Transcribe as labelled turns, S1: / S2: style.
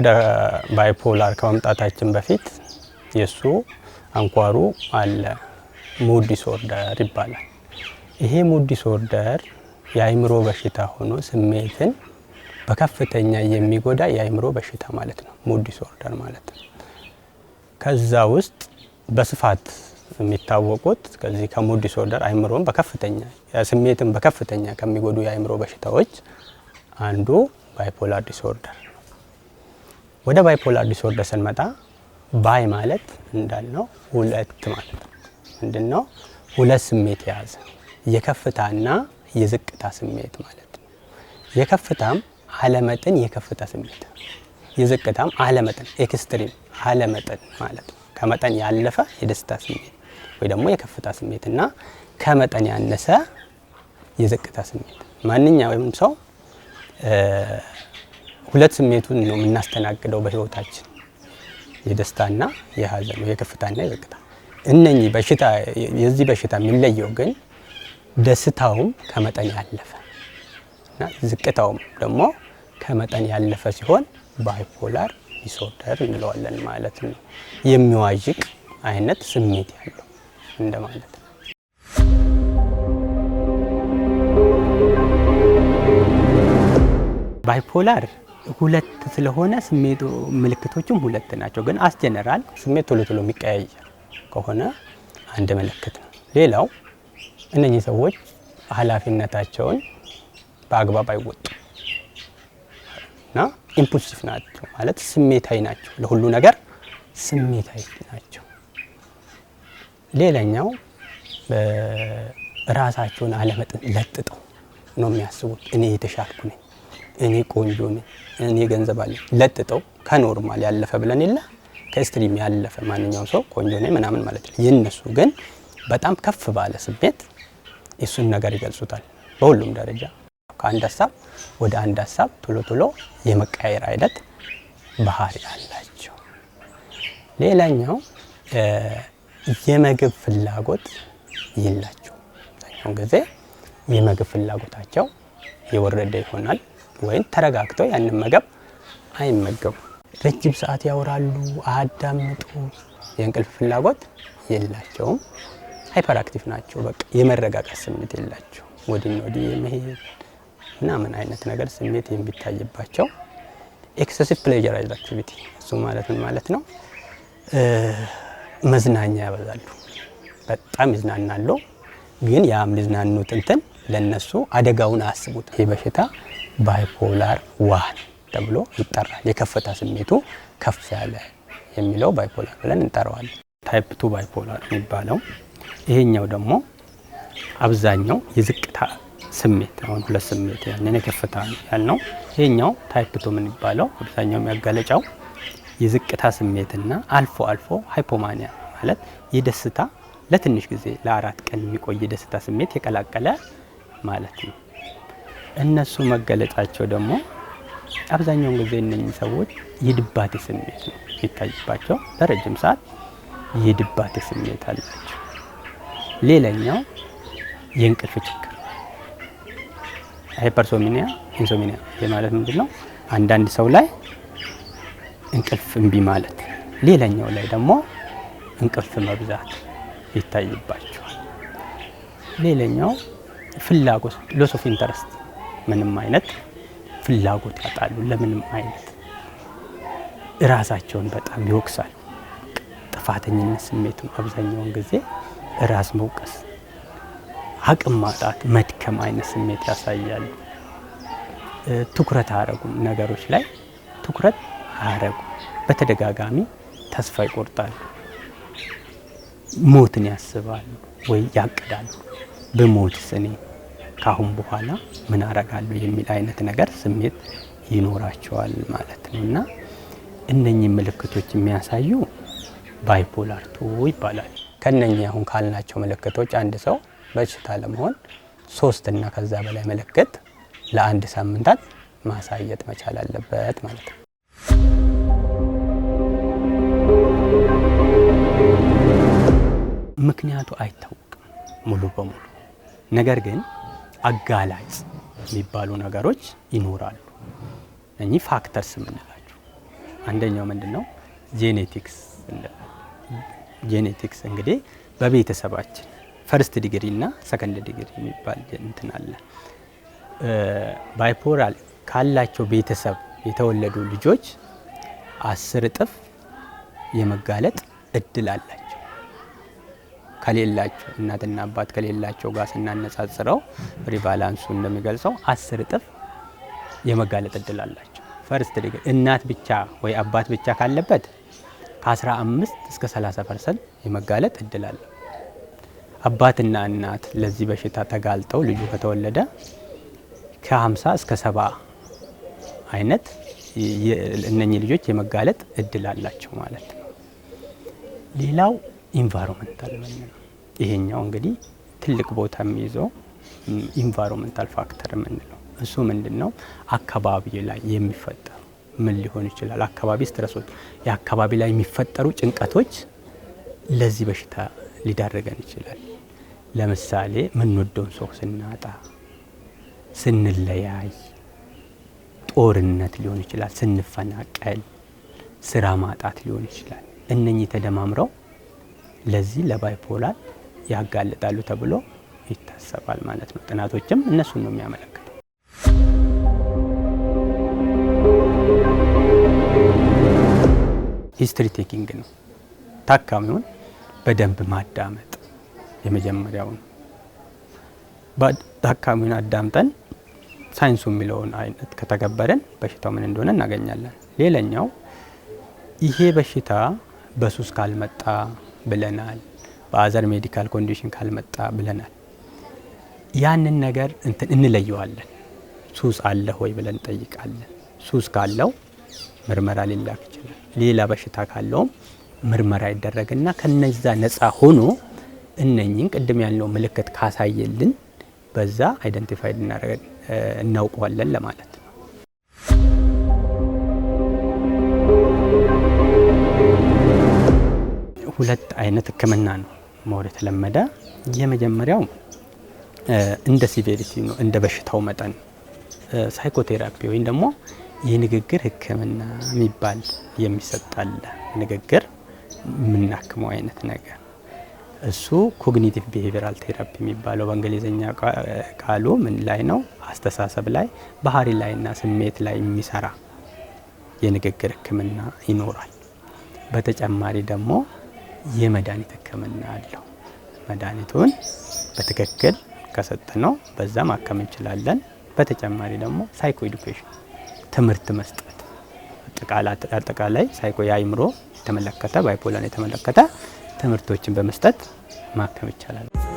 S1: ወደ ባይፖላር ከመምጣታችን በፊት የእሱ አንኳሩ አለ ሙድ ዲስኦርደር ይባላል። ይሄ ሙድ ዲስኦርደር የአይምሮ በሽታ ሆኖ ስሜትን በከፍተኛ የሚጎዳ የአይምሮ በሽታ ማለት ነው። ሙድ ዲስኦርደር ማለት ነው። ከዛ ውስጥ በስፋት የሚታወቁት ከዚህ ከሙድ ዲስኦርደር አይምሮን በከፍተኛ ስሜትን በከፍተኛ ከሚጎዱ የአይምሮ በሽታዎች አንዱ ባይፖላር ዲስኦርደር ወደ ባይፖላር ዲስኦርደር ስንመጣ ባይ ማለት እንዳልነው ሁለት ማለት ነው። ምንድን ነው ሁለት ስሜት የያዘ የከፍታና የዝቅታ ስሜት ማለት ነው። የከፍታም አለመጠን የከፍታ ስሜት፣ የዝቅታም አለመጠን ኤክስትሪም አለመጠን ማለት ነው። ከመጠን ያለፈ የደስታ ስሜት ወይ ደግሞ የከፍታ ስሜት እና ከመጠን ያነሰ የዝቅታ ስሜት ማንኛውም ሰው ሁለት ስሜቱን ነው የምናስተናግደው በህይወታችን የደስታና የሀዘን የከፍታና የዝቅታ። እነኚህ በሽታ የዚህ በሽታ የሚለየው ግን ደስታውም ከመጠን ያለፈ እና ዝቅታውም ደግሞ ከመጠን ያለፈ ሲሆን ባይፖላር ዲስኦርደር እንለዋለን ማለት ነው። የሚዋዥቅ አይነት ስሜት ያለው እንደማለት ነው። ባይፖላር ሁለት ስለሆነ ስሜቱ ምልክቶቹም ሁለት ናቸው። ግን አስ ጀነራል ስሜት ቶሎ ቶሎ የሚቀያየር ከሆነ አንድ ምልክት ነው። ሌላው እነኚህ ሰዎች ኃላፊነታቸውን በአግባብ አይወጡም እና ኢምፑልሲቭ ናቸው ማለት ስሜታዊ ናቸው፣ ለሁሉ ነገር ስሜታዊ ናቸው። ሌላኛው ራሳቸውን አለመጠን ለጥጠው ነው የሚያስቡት እኔ የተሻልኩ ነኝ እኔ ቆንጆ ነኝ፣ እኔ ገንዘብ አለኝ ለጥጠው ከኖርማል ያለፈ ብለን የለ ከስትሪም ያለፈ ማንኛውም ሰው ቆንጆ ነኝ ምናምን ማለት ነው። የእነሱ ግን በጣም ከፍ ባለ ስሜት የእሱን ነገር ይገልጹታል። በሁሉም ደረጃ ከአንድ ሀሳብ ወደ አንድ ሀሳብ ቶሎ ቶሎ የመቀያየር አይነት ባህሪ አላቸው። ሌላኛው የምግብ ፍላጎት የላቸው። አብዛኛውን ጊዜ የምግብ ፍላጎታቸው የወረደ ይሆናል። ወይም ተረጋግተው ያንን መገብ አይመገቡ። ረጅም ሰዓት ያወራሉ፣ አዳምጡ የእንቅልፍ ፍላጎት የላቸውም፣ ሃይፐር ናቸው። በቃ የመረጋጋት ስሜት የላቸው፣ ወዲን ወዲህ የመሄድ ምናምን አይነት ነገር ስሜት የሚታይባቸው ኤክሰሲቭ ፕሌጀራይዝ አክቲቪቲ እሱ ማለት ምን ማለት ነው? መዝናኛ ያበዛሉ፣ በጣም ይዝናናሉ። ግን ያም ሊዝናኑት እንትን ለነሱ አደጋውን አስቡት ይህ በሽታ ባይፖላር ዋን ተብሎ ይጠራል። የከፍታ ስሜቱ ከፍ ያለ የሚለው ባይፖላር ብለን እንጠራዋለን። ታይፕ ቱ ባይፖላር የሚባለው ይሄኛው ደግሞ አብዛኛው የዝቅታ ስሜት አሁን ሁለት ስሜት ያንን የከፍታ ነው። ይሄኛው ታይፕ ቱ የምንባለው አብዛኛው የሚያጋለጫው የዝቅታ ስሜትና አልፎ አልፎ ሃይፖማኒያ ማለት የደስታ ለትንሽ ጊዜ ለአራት ቀን የሚቆይ የደስታ ስሜት የቀላቀለ ማለት ነው። እነሱ መገለጫቸው ደግሞ አብዛኛውን ጊዜ እነኚህ ሰዎች የድባቴ ስሜት ነው የሚታይባቸው። ለረጅም ሰዓት የድባቴ ስሜት አላቸው። ሌላኛው የእንቅልፍ ችግር ሃይፐርሶሚኒያ ኢንሶሚኒያ ማለት ምንድን ነው? አንዳንድ ሰው ላይ እንቅልፍ እምቢ ማለት፣ ሌላኛው ላይ ደግሞ እንቅልፍ መብዛት ይታይባቸዋል። ሌላኛው ፍላጎት ሎስ ኦፍ ኢንተረስት ምንም አይነት ፍላጎት ያጣሉ። ለምንም አይነት እራሳቸውን በጣም ይወቅሳሉ። ጥፋተኝነት ስሜቱ አብዛኛውን ጊዜ ራስ መውቀስ፣ አቅም ማጣት፣ መድከም አይነት ስሜት ያሳያሉ። ትኩረት አያረጉም፣ ነገሮች ላይ ትኩረት አያረጉም። በተደጋጋሚ ተስፋ ይቆርጣሉ፣ ሞትን ያስባሉ ወይ ያቅዳሉ። ብሞትስ ስኔ ካሁን በኋላ ምን አረጋለሁ የሚል አይነት ነገር ስሜት ይኖራቸዋል ማለት ነው። እና እነኚህ ምልክቶች የሚያሳዩ ባይፖላር ቱ ይባላል። ከነኚህ አሁን ካልናቸው ምልክቶች አንድ ሰው በሽታ ለመሆን ሶስት እና ከዛ በላይ ምልክት ለአንድ ሳምንታት ማሳየት መቻል አለበት ማለት ነው። ምክንያቱ አይታወቅም ሙሉ በሙሉ ነገር ግን አጋላጭ የሚባሉ ነገሮች ይኖራሉ። እኚህ ፋክተርስ የምንላቸው አንደኛው ምንድን ነው? ጄኔቲክስ ጄኔቲክስ እንግዲህ በቤተሰባችን ፈርስት ዲግሪ እና ሰከንድ ዲግሪ የሚባል እንትን አለ። ባይፖላር ካላቸው ቤተሰብ የተወለዱ ልጆች አስር እጥፍ የመጋለጥ እድል አላቸው። ከሌላቸው እናትና አባት ከሌላቸው ጋር ስናነጻጽረው ሪባላንሱ እንደሚገልጸው አስር እጥፍ የመጋለጥ እድል አላቸው። ፈርስት ዲግሪ እናት ብቻ ወይ አባት ብቻ ካለበት ከ15 እስከ 30 ፐርሰንት የመጋለጥ እድል አለ። አባትና እናት ለዚህ በሽታ ተጋልጠው ልጁ ከተወለደ ከ50 እስከ 70 አይነት እነኚህ ልጆች የመጋለጥ እድል አላቸው ማለት ነው። ሌላው ኢንቫይሮንመንታል የምንለው ይሄኛው እንግዲህ ትልቅ ቦታ የሚይዘው ኢንቫይሮንመንታል ፋክተር የምንለው እሱ ምንድን ነው? አካባቢ ላይ የሚፈጠሩ ምን ሊሆን ይችላል? አካባቢ ስትረሶች፣ የአካባቢ ላይ የሚፈጠሩ ጭንቀቶች ለዚህ በሽታ ሊዳረገን ይችላል። ለምሳሌ የምንወደውን ሰው ስናጣ፣ ስንለያይ፣ ጦርነት ሊሆን ይችላል፣ ስንፈናቀል፣ ስራ ማጣት ሊሆን ይችላል። እነኚህ ተደማምረው ለዚህ ለባይፖላር ያጋልጣሉ ተብሎ ይታሰባል ማለት ነው። ጥናቶችም እነሱን ነው የሚያመለክተው። ሂስትሪ ቴኪንግ ነው። ታካሚውን በደንብ ማዳመጥ የመጀመሪያው ነው። ታካሚውን አዳምጠን ሳይንሱ የሚለውን አይነት ከተገበረን በሽታው ምን እንደሆነ እናገኛለን። ሌላኛው ይሄ በሽታ በሱስ ካልመጣ ብለናል። በአዘር ሜዲካል ኮንዲሽን ካልመጣ ብለናል። ያንን ነገር እንትን እንለየዋለን። ሱስ አለ ሆይ ብለን እንጠይቃለን። ሱስ ካለው ምርመራ ሊላክ ይችላል። ሌላ በሽታ ካለውም ምርመራ ይደረግና ከነዛ ነፃ ሆኖ እነኝን ቅድም ያለው ምልክት ካሳየልን በዛ አይደንቲፋይድ እናውቀዋለን ለማለት ሁለት አይነት ህክምና ነው መወር የተለመደ። የመጀመሪያው እንደ ሲቬሪቲ ነው፣ እንደ በሽታው መጠን ሳይኮቴራፒ ወይም ደግሞ የንግግር ህክምና የሚባል የሚሰጣለ ንግግር የምናክመው አይነት ነገር እሱ ኮግኒቲቭ ቢሄቪራል ቴራፒ የሚባለው በእንግሊዝኛ ቃሉ ምን ላይ ነው? አስተሳሰብ ላይ፣ ባህሪ ላይና ስሜት ላይ የሚሰራ የንግግር ህክምና ይኖራል። በተጨማሪ ደግሞ የመድኃኒት ህክምና አለው። መድኃኒቱን በትክክል ነው በዛ ማከም እንችላለን። በተጨማሪ ደግሞ ሳይኮ ኤዱኬሽን ትምህርት መስጠት አጠቃላይ ሳይኮ የአይምሮ የተመለከተ ባይፖላን የተመለከተ ትምህርቶችን በመስጠት ማከም ይቻላል።